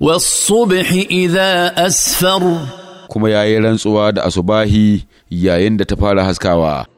والصبح إذا أسفر kuma yayi rantsuwa da asubahi yayin da ta fara haskawa